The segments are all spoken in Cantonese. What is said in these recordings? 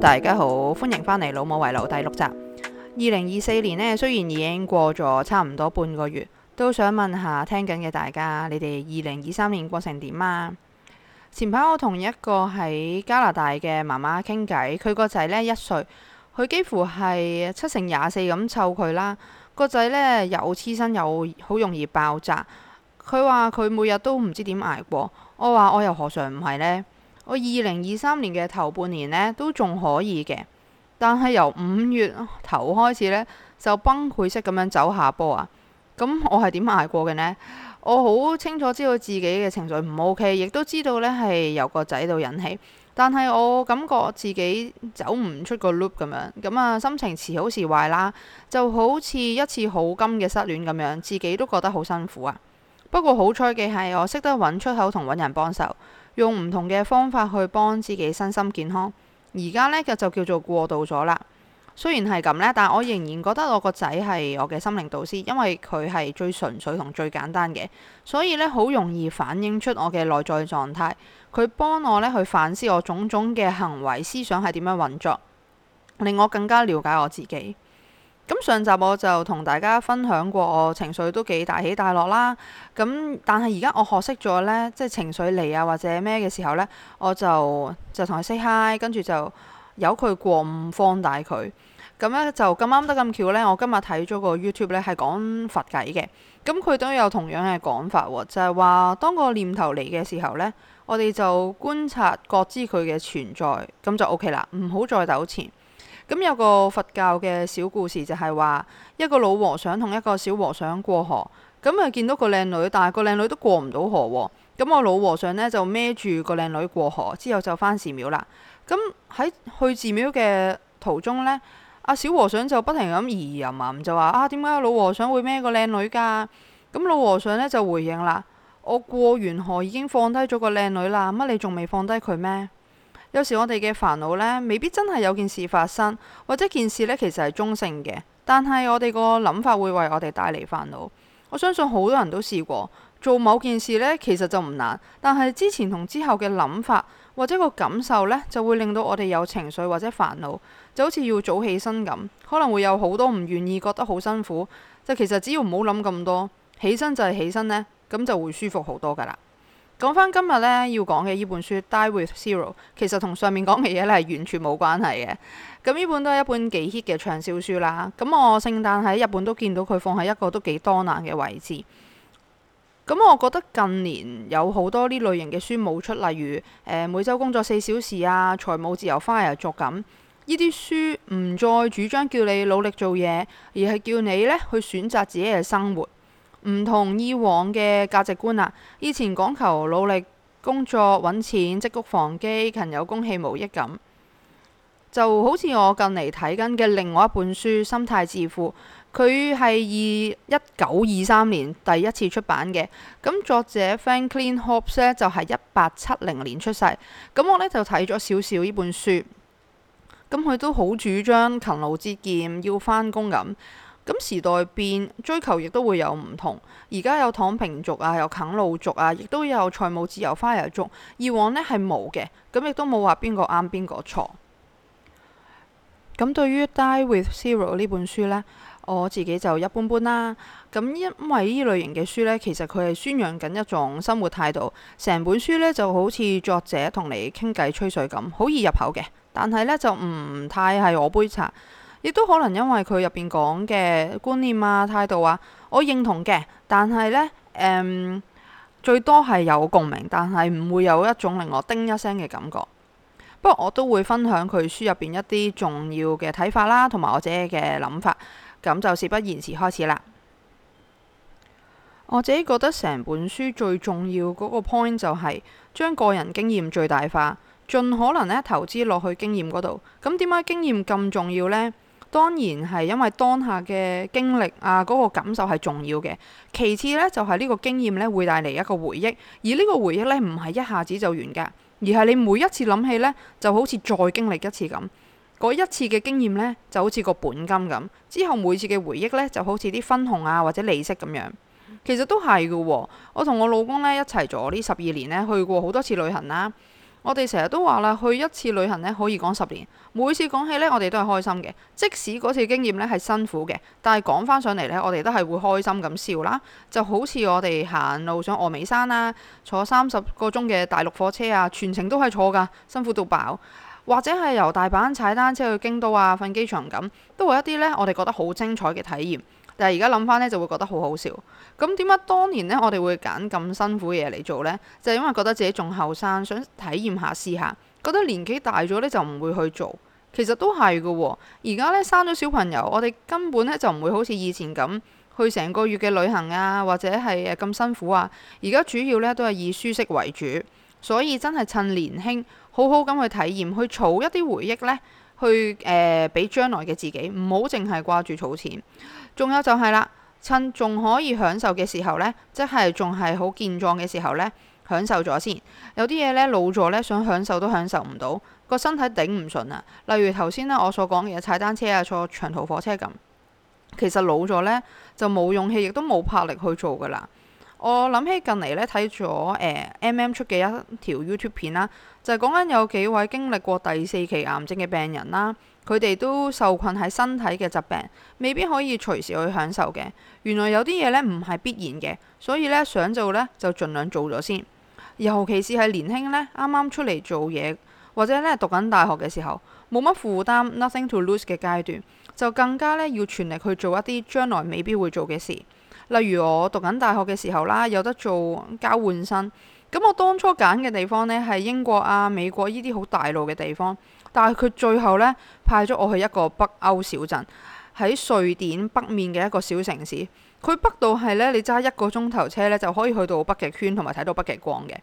大家好，歡迎返嚟《老母遺留》第六集。二零二四年呢，雖然已經過咗差唔多半個月，都想問下聽緊嘅大家，你哋二零二三年過成點啊？前排我同一個喺加拿大嘅媽媽傾偈，佢個仔呢，一歲，佢幾乎係七成廿四咁湊佢啦。個仔呢又黐身又好容易爆炸，佢話佢每日都唔知點挨過。我話我又何嘗唔係呢？我二零二三年嘅頭半年呢，都仲可以嘅，但係由五月頭開始呢，就崩潰式咁樣走下坡啊。咁、嗯、我係點捱過嘅呢？我好清楚知道自己嘅情緒唔 OK，亦都知道呢係由個仔度引起，但係我感覺自己走唔出個 loop 咁樣，咁、嗯、啊，心情時好時壞啦，就好似一次好甘嘅失戀咁樣，自己都覺得好辛苦啊。不過好彩嘅係我識得揾出口同揾人幫手。用唔同嘅方法去幫自己身心健康，而家呢就就叫做過度咗啦。雖然係咁呢，但我仍然覺得我個仔係我嘅心靈導師，因為佢係最純粹同最簡單嘅，所以呢好容易反映出我嘅內在狀態。佢幫我呢去反思我種種嘅行為、思想係點樣運作，令我更加了解我自己。咁上集我就同大家分享過，我情緒都幾大起大落啦。咁但係而家我學識咗呢，即係情緒嚟啊或者咩嘅時候呢，我就就同佢 say hi，跟住就由佢過，唔放大佢。咁咧就咁啱得咁巧呢。我今日睇咗個 YouTube 呢，係講佛偈嘅。咁佢都有同樣嘅講法喎，就係話當個念頭嚟嘅時候呢，我哋就觀察覺知佢嘅存在，咁就 OK 啦，唔好再糾纏。咁有個佛教嘅小故事就，就係話一個老和尚同一個小和尚過河，咁啊見到個靚女，但係個靚女都過唔到河喎、哦。咁我老和尚呢，就孭住個靚女過河，之後就翻寺廟啦。咁喺去寺廟嘅途中呢，阿、啊、小和尚就不停咁疑疑吟吟，就話啊點解老和尚會孭個靚女㗎？咁老和尚呢，就回應啦：我過完河已經放低咗個靚女啦，乜你仲未放低佢咩？有時我哋嘅煩惱呢，未必真係有件事發生，或者件事呢其實係中性嘅，但係我哋個諗法會為我哋帶嚟煩惱。我相信好多人都試過做某件事呢其實就唔難，但係之前同之後嘅諗法或者個感受呢，就會令到我哋有情緒或者煩惱，就好似要早起身咁，可能會有好多唔願意，覺得好辛苦。就其實只要唔好諗咁多，起身就係起身呢，咁就會舒服好多㗎喇。講翻今日呢，要講嘅呢本書《Die with Zero》，其實同上面講嘅嘢呢係完全冇關係嘅。咁呢本都係一本幾 hit 嘅暢銷書啦。咁我聖誕喺日本都見到佢放喺一個都幾多難嘅位置。咁我覺得近年有好多呢類型嘅書冇出，例如每週工作四小時啊、財務自由 FIRE 啊作緊。呢啲書唔再主張叫你努力做嘢，而係叫你呢去選擇自己嘅生活。唔同以往嘅價值觀啦，以前講求努力工作揾錢，積谷防饑，勤有功，戲無益咁。就好似我近嚟睇緊嘅另外一本書《心態致富》，佢係二一九二三年第一次出版嘅。咁作者 Franklin Hobbs 呢，就係一八七零年出世。咁我呢，就睇咗少少呢本書，咁佢都好主張勤勞節儉，要返工咁。咁時代變，追求亦都會有唔同。而家有躺平族啊，有啃老族啊，亦都有財務自由、花友族。以往呢係冇嘅，咁亦都冇話邊個啱邊個錯。咁對於《Die with Zero》呢本書呢，我自己就一般般啦。咁因為呢類型嘅書呢，其實佢係宣揚緊一種生活態度。成本書呢就好似作者同你傾偈吹水咁，好易入口嘅，但係呢就唔太係我杯茶。亦都可能因為佢入邊講嘅觀念啊、態度啊，我認同嘅，但係呢、嗯，最多係有共鳴，但係唔會有一種令我叮一聲嘅感覺。不過我都會分享佢書入邊一啲重要嘅睇法啦，同埋我自己嘅諗法。咁就事不宜遲開始啦。我自己覺得成本書最重要嗰個 point 就係將個人經驗最大化，盡可能呢投資落去經驗嗰度。咁點解經驗咁重要呢？當然係因為當下嘅經歷啊，嗰個感受係重要嘅。其次呢，就係呢個經驗呢會帶嚟一個回憶，而呢個回憶呢，唔係一下子就完㗎，而係你每一次諗起呢，就好似再經歷一次咁。嗰一次嘅經驗呢，就好似個本金咁，之後每次嘅回憶呢，就好似啲分紅啊或者利息咁樣。其實都係嘅喎，我同我老公呢，一齊咗呢十二年呢，去過好多次旅行啦、啊。我哋成日都話啦，去一次旅行呢，可以講十年。每次講起呢，我哋都係開心嘅，即使嗰次經驗呢係辛苦嘅，但係講返上嚟呢，我哋都係會開心咁笑啦。就好似我哋行路上峨眉山啊，坐三十個鐘嘅大陸火車啊，全程都係坐㗎，辛苦到爆；或者係由大阪踩單車去京都啊，瞓機場咁，都會有一啲呢，我哋覺得好精彩嘅體驗。但係而家諗返呢就會覺得好好笑。咁點解當年呢我哋會揀咁辛苦嘅嘢嚟做呢？就係因為覺得自己仲後生，想體驗下試下。覺得年紀大咗呢就唔會去做。其實都係嘅喎。而家呢，生咗小朋友，我哋根本呢就唔會好似以前咁去成個月嘅旅行啊，或者係咁辛苦啊。而家主要呢都係以舒適為主。所以真係趁年輕，好好咁去體驗，去儲一啲回憶呢。去誒俾、呃、將來嘅自己，唔好淨係掛住儲錢。仲有就係、是、啦，趁仲可以享受嘅時候呢，即係仲係好健壯嘅時候呢，享受咗先。有啲嘢呢，老咗呢，想享受都享受唔到，個身體頂唔順啊。例如頭先咧我所講嘅踩單車啊，坐長途火車咁，其實老咗呢，就冇勇氣亦都冇魄力去做噶啦。我諗起近嚟呢，睇咗、呃、M M 出嘅一條 YouTube 片啦。就係講緊有幾位經歷過第四期癌症嘅病人啦，佢哋都受困喺身體嘅疾病，未必可以隨時去享受嘅。原來有啲嘢呢，唔係必然嘅，所以呢，想做呢就盡量做咗先。尤其是喺年輕呢，啱啱出嚟做嘢或者呢讀緊大學嘅時候，冇乜負擔，nothing to lose 嘅階段，就更加呢要全力去做一啲將來未必會做嘅事。例如我讀緊大學嘅時候啦，有得做交換生。咁我當初揀嘅地方呢，係英國啊、美國依啲好大路嘅地方，但係佢最後呢，派咗我去一個北歐小鎮，喺瑞典北面嘅一個小城市。佢北到係呢，你揸一個鐘頭車呢，就可以去到北極圈同埋睇到北極光嘅。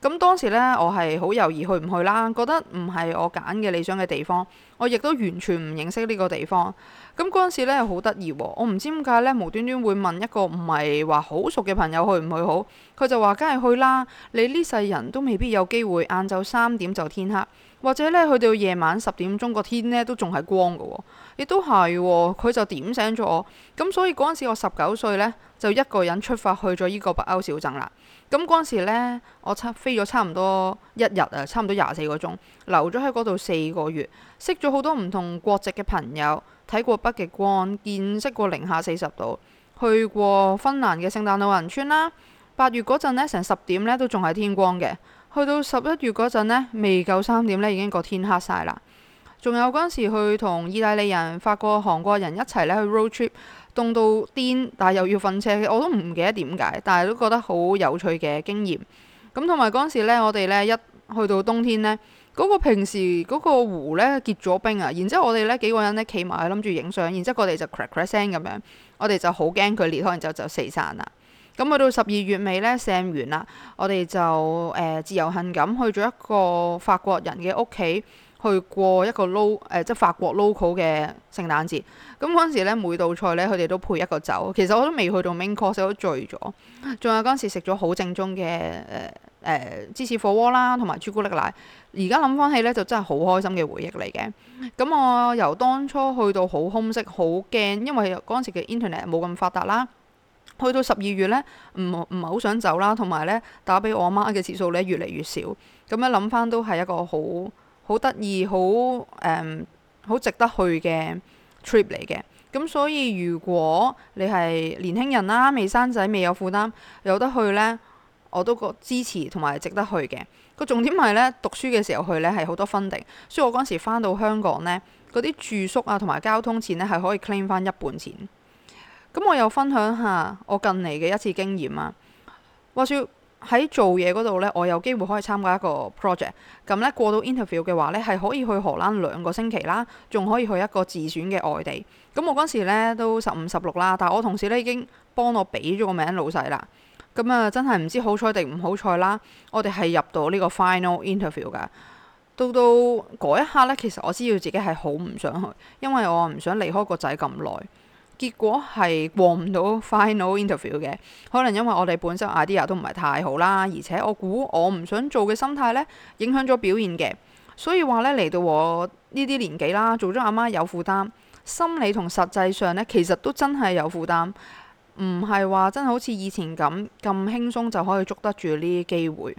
咁當時咧，我係好猶豫去唔去啦，覺得唔係我揀嘅理想嘅地方，我亦都完全唔認識呢個地方。咁嗰陣時咧，好得意喎，我唔知點解咧，無端端會問一個唔係話好熟嘅朋友去唔去好，佢就話：梗係去啦，你呢世人都未必有機會，晏晝三點就天黑。或者咧，去到夜晚十點鐘，個天咧都仲係光嘅，哦，亦都係，哦，佢就點醒咗我。咁所以嗰陣時我十九歲咧，就一個人出發去咗依個北歐小鎮啦。咁嗰陣時咧，我飛差飛咗差唔多一日啊，差唔多廿四個鐘，留咗喺嗰度四個月，識咗好多唔同國籍嘅朋友，睇過北極光，見識過零下四十度，去過芬蘭嘅聖誕老人村啦。八月嗰陣咧，成十點咧都仲係天光嘅。去到十一月嗰陣咧，未夠三點呢已經個天黑晒啦。仲有嗰陣時去同意大利人、法國、韓國人一齊呢去 road trip，凍到癲，但係又要瞓車，我都唔記得點解，但係都覺得好有趣嘅經驗。咁同埋嗰陣時咧，我哋呢一去到冬天呢，嗰、嗰個平時嗰個湖呢結咗冰啊。然之後我哋呢幾個人呢企埋去諗住影相，然之後我哋就 crack crack 聲咁樣，我哋就好驚佢裂開，可能就就四散啦。咁去到十二月尾咧 s a n 完啦，我哋就誒、呃、自由行咁去咗一個法國人嘅屋企，去過一個 l o、呃、即係法國 local 嘅聖誕節。咁嗰陣時咧，每道菜咧，佢哋都配一個酒。其實我都未去到 main course 我都醉咗。仲有嗰陣時食咗好正宗嘅誒誒芝士火鍋啦，同埋朱古力奶。而家諗翻起咧，就真係好開心嘅回憶嚟嘅。咁、嗯嗯、我由當初去到好空色，好驚，因為嗰陣時嘅 internet 冇咁發達啦。去到十二月呢，唔唔係好想走啦，同埋呢，打俾我媽嘅次數呢越嚟越少，咁樣諗翻都係一個好好得意、好誒好值得去嘅 trip 嚟嘅。咁所以如果你係年輕人啦、未生仔、未有負擔、有得去呢，我都覺支持同埋值得去嘅。個重點係呢，讀書嘅時候去呢係好多 funding，所以我嗰陣時翻到香港呢，嗰啲住宿啊同埋交通錢呢係可以 claim 翻一半錢。咁我又分享下我近嚟嘅一次經驗啊！話説喺做嘢嗰度呢，我有機會可以參加一個 project。咁、嗯、呢，過到 interview 嘅話呢，係可以去荷蘭兩個星期啦，仲可以去一個自選嘅外地。咁、嗯、我嗰陣時呢都十五十六啦，但我同事呢已經幫我俾咗個名老細啦。咁、嗯、啊，真係唔知好彩定唔好彩啦！我哋係入到呢個 final interview 㗎。到到嗰一刻呢，其實我知道自己係好唔想去，因為我唔想離開個仔咁耐。結果係過唔到 final interview 嘅，可能因為我哋本身 idea 都唔係太好啦，而且我估我唔想做嘅心態呢，影響咗表現嘅。所以話呢，嚟到我呢啲年紀啦，做咗阿媽有負擔，心理同實際上呢，其實都真係有負擔，唔係話真係好似以前咁咁輕鬆就可以捉得住呢啲機會。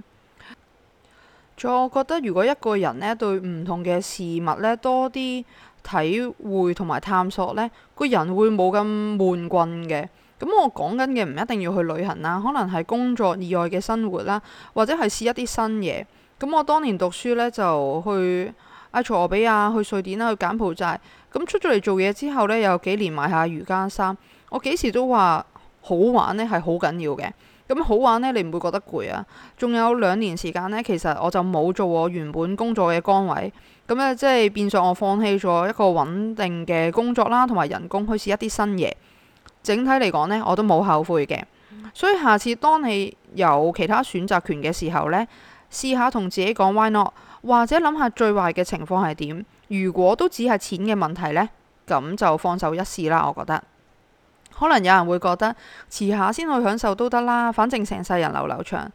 仲有我覺得，如果一個人呢對唔同嘅事物呢多啲。體會同埋探索呢個人會冇咁悶棍嘅。咁我講緊嘅唔一定要去旅行啦，可能係工作以外嘅生活啦，或者係試一啲新嘢。咁我當年讀書呢，就去埃塞俄比亞、去瑞典啦、去柬埔寨。咁出咗嚟做嘢之後呢，有幾年賣下瑜伽衫。我幾時都話好玩呢係好緊要嘅。咁好玩呢，你唔會覺得攰啊。仲有兩年時間呢，其實我就冇做我原本工作嘅崗位。咁咧，即係變相我放棄咗一個穩定嘅工作啦，同埋人工開始一啲新嘢。整體嚟講呢，我都冇後悔嘅。所以下次當你有其他選擇權嘅時候呢，試下同自己講 why not，或者諗下最壞嘅情況係點。如果都只係錢嘅問題呢，咁就放手一試啦。我覺得可能有人會覺得遲下先去享受都得啦，反正成世人流流長。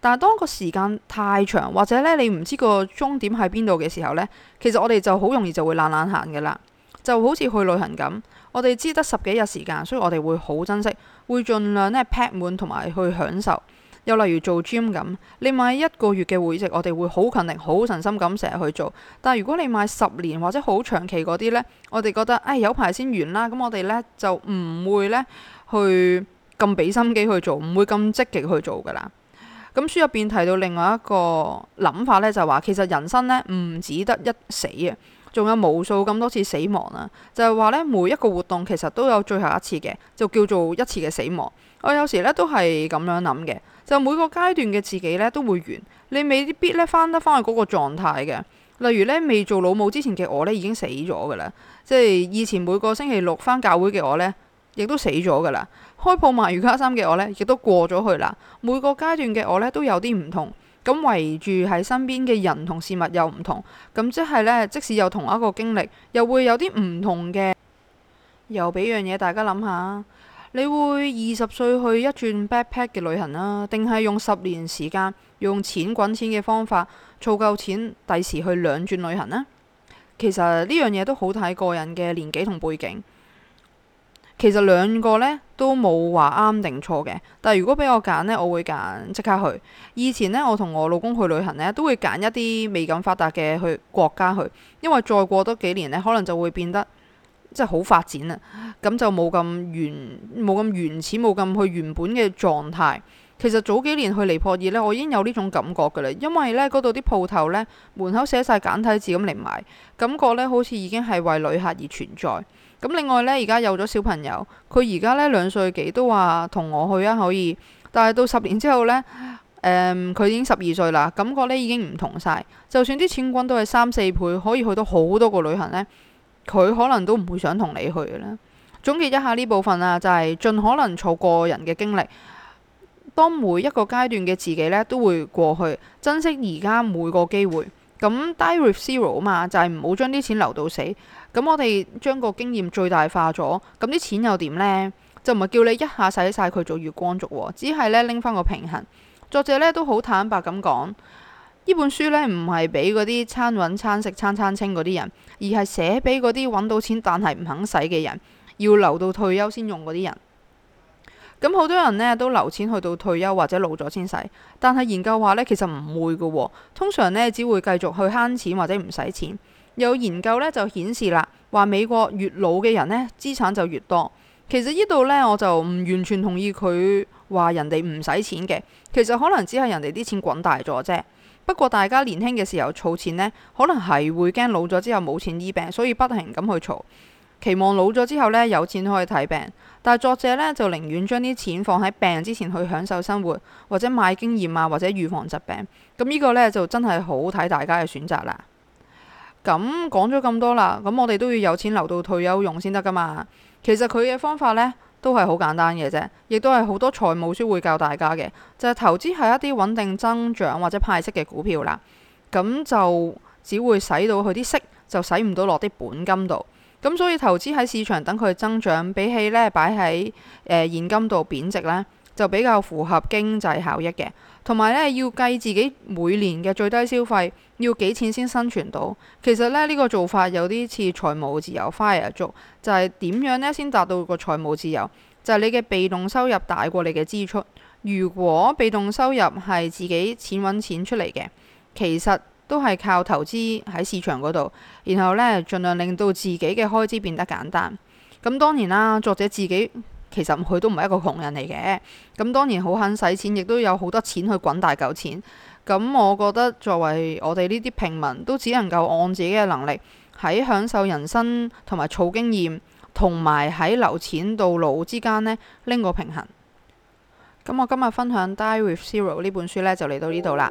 但係，當個時間太長，或者咧你唔知個終點喺邊度嘅時候咧，其實我哋就好容易就會懶懶行閒嘅啦，就好似去旅行咁。我哋知得十幾日時間，所以我哋會好珍惜，會盡量咧劈滿同埋去享受。又例如做 gym 咁，你買一個月嘅會籍，我哋會好勤力、好神心咁成日去做。但係如果你買十年或者好長期嗰啲咧，我哋覺得唉、哎，有排先完啦，咁我哋咧就唔會咧去咁俾心機去做，唔會咁積極去做噶啦。咁書入邊提到另外一個諗法咧，就係話其實人生咧唔只得一死啊，仲有無數咁多次死亡啦。就係話咧，每一個活動其實都有最後一次嘅，就叫做一次嘅死亡。我有時咧都係咁樣諗嘅，就每個階段嘅自己咧都會完，你未必咧翻得翻去嗰個狀態嘅。例如咧，未做老母之前嘅我咧已經死咗嘅啦，即係以前每個星期六翻教會嘅我咧，亦都死咗噶啦，開鋪賣瑜伽衫嘅我呢，亦都過咗去啦。每個階段嘅我呢，都有啲唔同。咁圍住喺身邊嘅人同事物又唔同。咁即係呢，即使有同一個經歷，又會有啲唔同嘅。又俾樣嘢大家諗下，你會二十歲去一轉 backpack 嘅旅行啦，定係用十年時間用錢滾錢嘅方法湊夠錢第時去兩轉旅行呢？其實呢樣嘢都好睇個人嘅年紀同背景。其實兩個呢都冇話啱定錯嘅，但係如果俾我揀呢，我會揀即刻去。以前呢，我同我老公去旅行呢，都會揀一啲未咁發達嘅去國家去，因為再過多幾年呢，可能就會變得即係好發展啦，咁就冇咁原冇咁原始，冇咁去原本嘅狀態。其實早幾年去尼泊爾呢，我已經有呢種感覺嘅啦，因為呢嗰度啲鋪頭呢，門口寫晒簡體字咁嚟賣，感覺呢好似已經係為旅客而存在。咁另外呢，而家有咗小朋友，佢而家呢兩歲幾都話同我去啊，可以。但係到十年之後呢，佢、嗯、已經十二歲啦，感覺呢已經唔同晒。就算啲錢滾都係三四倍，可以去到好多個旅行呢，佢可能都唔會想同你去嘅啦。總結一下呢部分啊，就係、是、盡可能儲個人嘅經歷。當每一個階段嘅自己咧都會過去，珍惜而家每個機會。咁 Die with Zero 啊嘛，就係唔好將啲錢留到死。咁我哋將個經驗最大化咗，咁啲錢又點呢？就唔係叫你一下使晒佢做月光族，只係咧拎翻個平衡。作者咧都好坦白咁講，呢本書呢，唔係俾嗰啲餐揾餐食餐餐清嗰啲人，而係寫俾嗰啲揾到錢但係唔肯使嘅人，要留到退休先用嗰啲人。咁好多人咧都留錢去到退休或者老咗先使，但係研究話咧其實唔會㗎喎。通常咧只會繼續去慳錢或者唔使錢。有研究咧就顯示啦，話美國越老嘅人咧資產就越多。其實呢度咧我就唔完全同意佢話人哋唔使錢嘅，其實可能只係人哋啲錢滾大咗啫。不過大家年輕嘅時候儲錢咧，可能係會驚老咗之後冇錢醫病，所以不停咁去儲，期望老咗之後咧有錢可以睇病。但作者呢，就寧願將啲錢放喺病人之前去享受生活，或者買經驗啊，或者預防疾病。咁呢個呢，就真係好睇大家嘅選擇啦。咁講咗咁多啦，咁我哋都要有錢留到退休用先得噶嘛。其實佢嘅方法呢，都係好簡單嘅啫，亦都係好多財務書會教大家嘅，就係投資係一啲穩定增長或者派息嘅股票啦。咁就只會使到佢啲息，就使唔到落啲本金度。咁、嗯、所以投資喺市場等佢增長，比起咧擺喺誒現金度貶值咧，就比較符合經濟效益嘅。同埋咧，要計自己每年嘅最低消費要幾錢先生存到。其實咧，呢、這個做法有啲似財務自由 fire 族，就係、是、點樣咧先達到個財務自由？就係、是、你嘅被動收入大過你嘅支出。如果被動收入係自己錢揾錢出嚟嘅，其實～都係靠投資喺市場嗰度，然後呢，盡量令到自己嘅開支變得簡單。咁當然啦、啊，作者自己其實佢都唔係一個窮人嚟嘅。咁當然好肯使錢，亦都有好多錢去滾大嚿錢。咁我覺得作為我哋呢啲平民，都只能夠按自己嘅能力喺享受人生同埋儲經驗同埋喺留錢到老之間呢，拎個平衡。咁我今日分享《Die With Zero》呢本書呢，就嚟到呢度啦。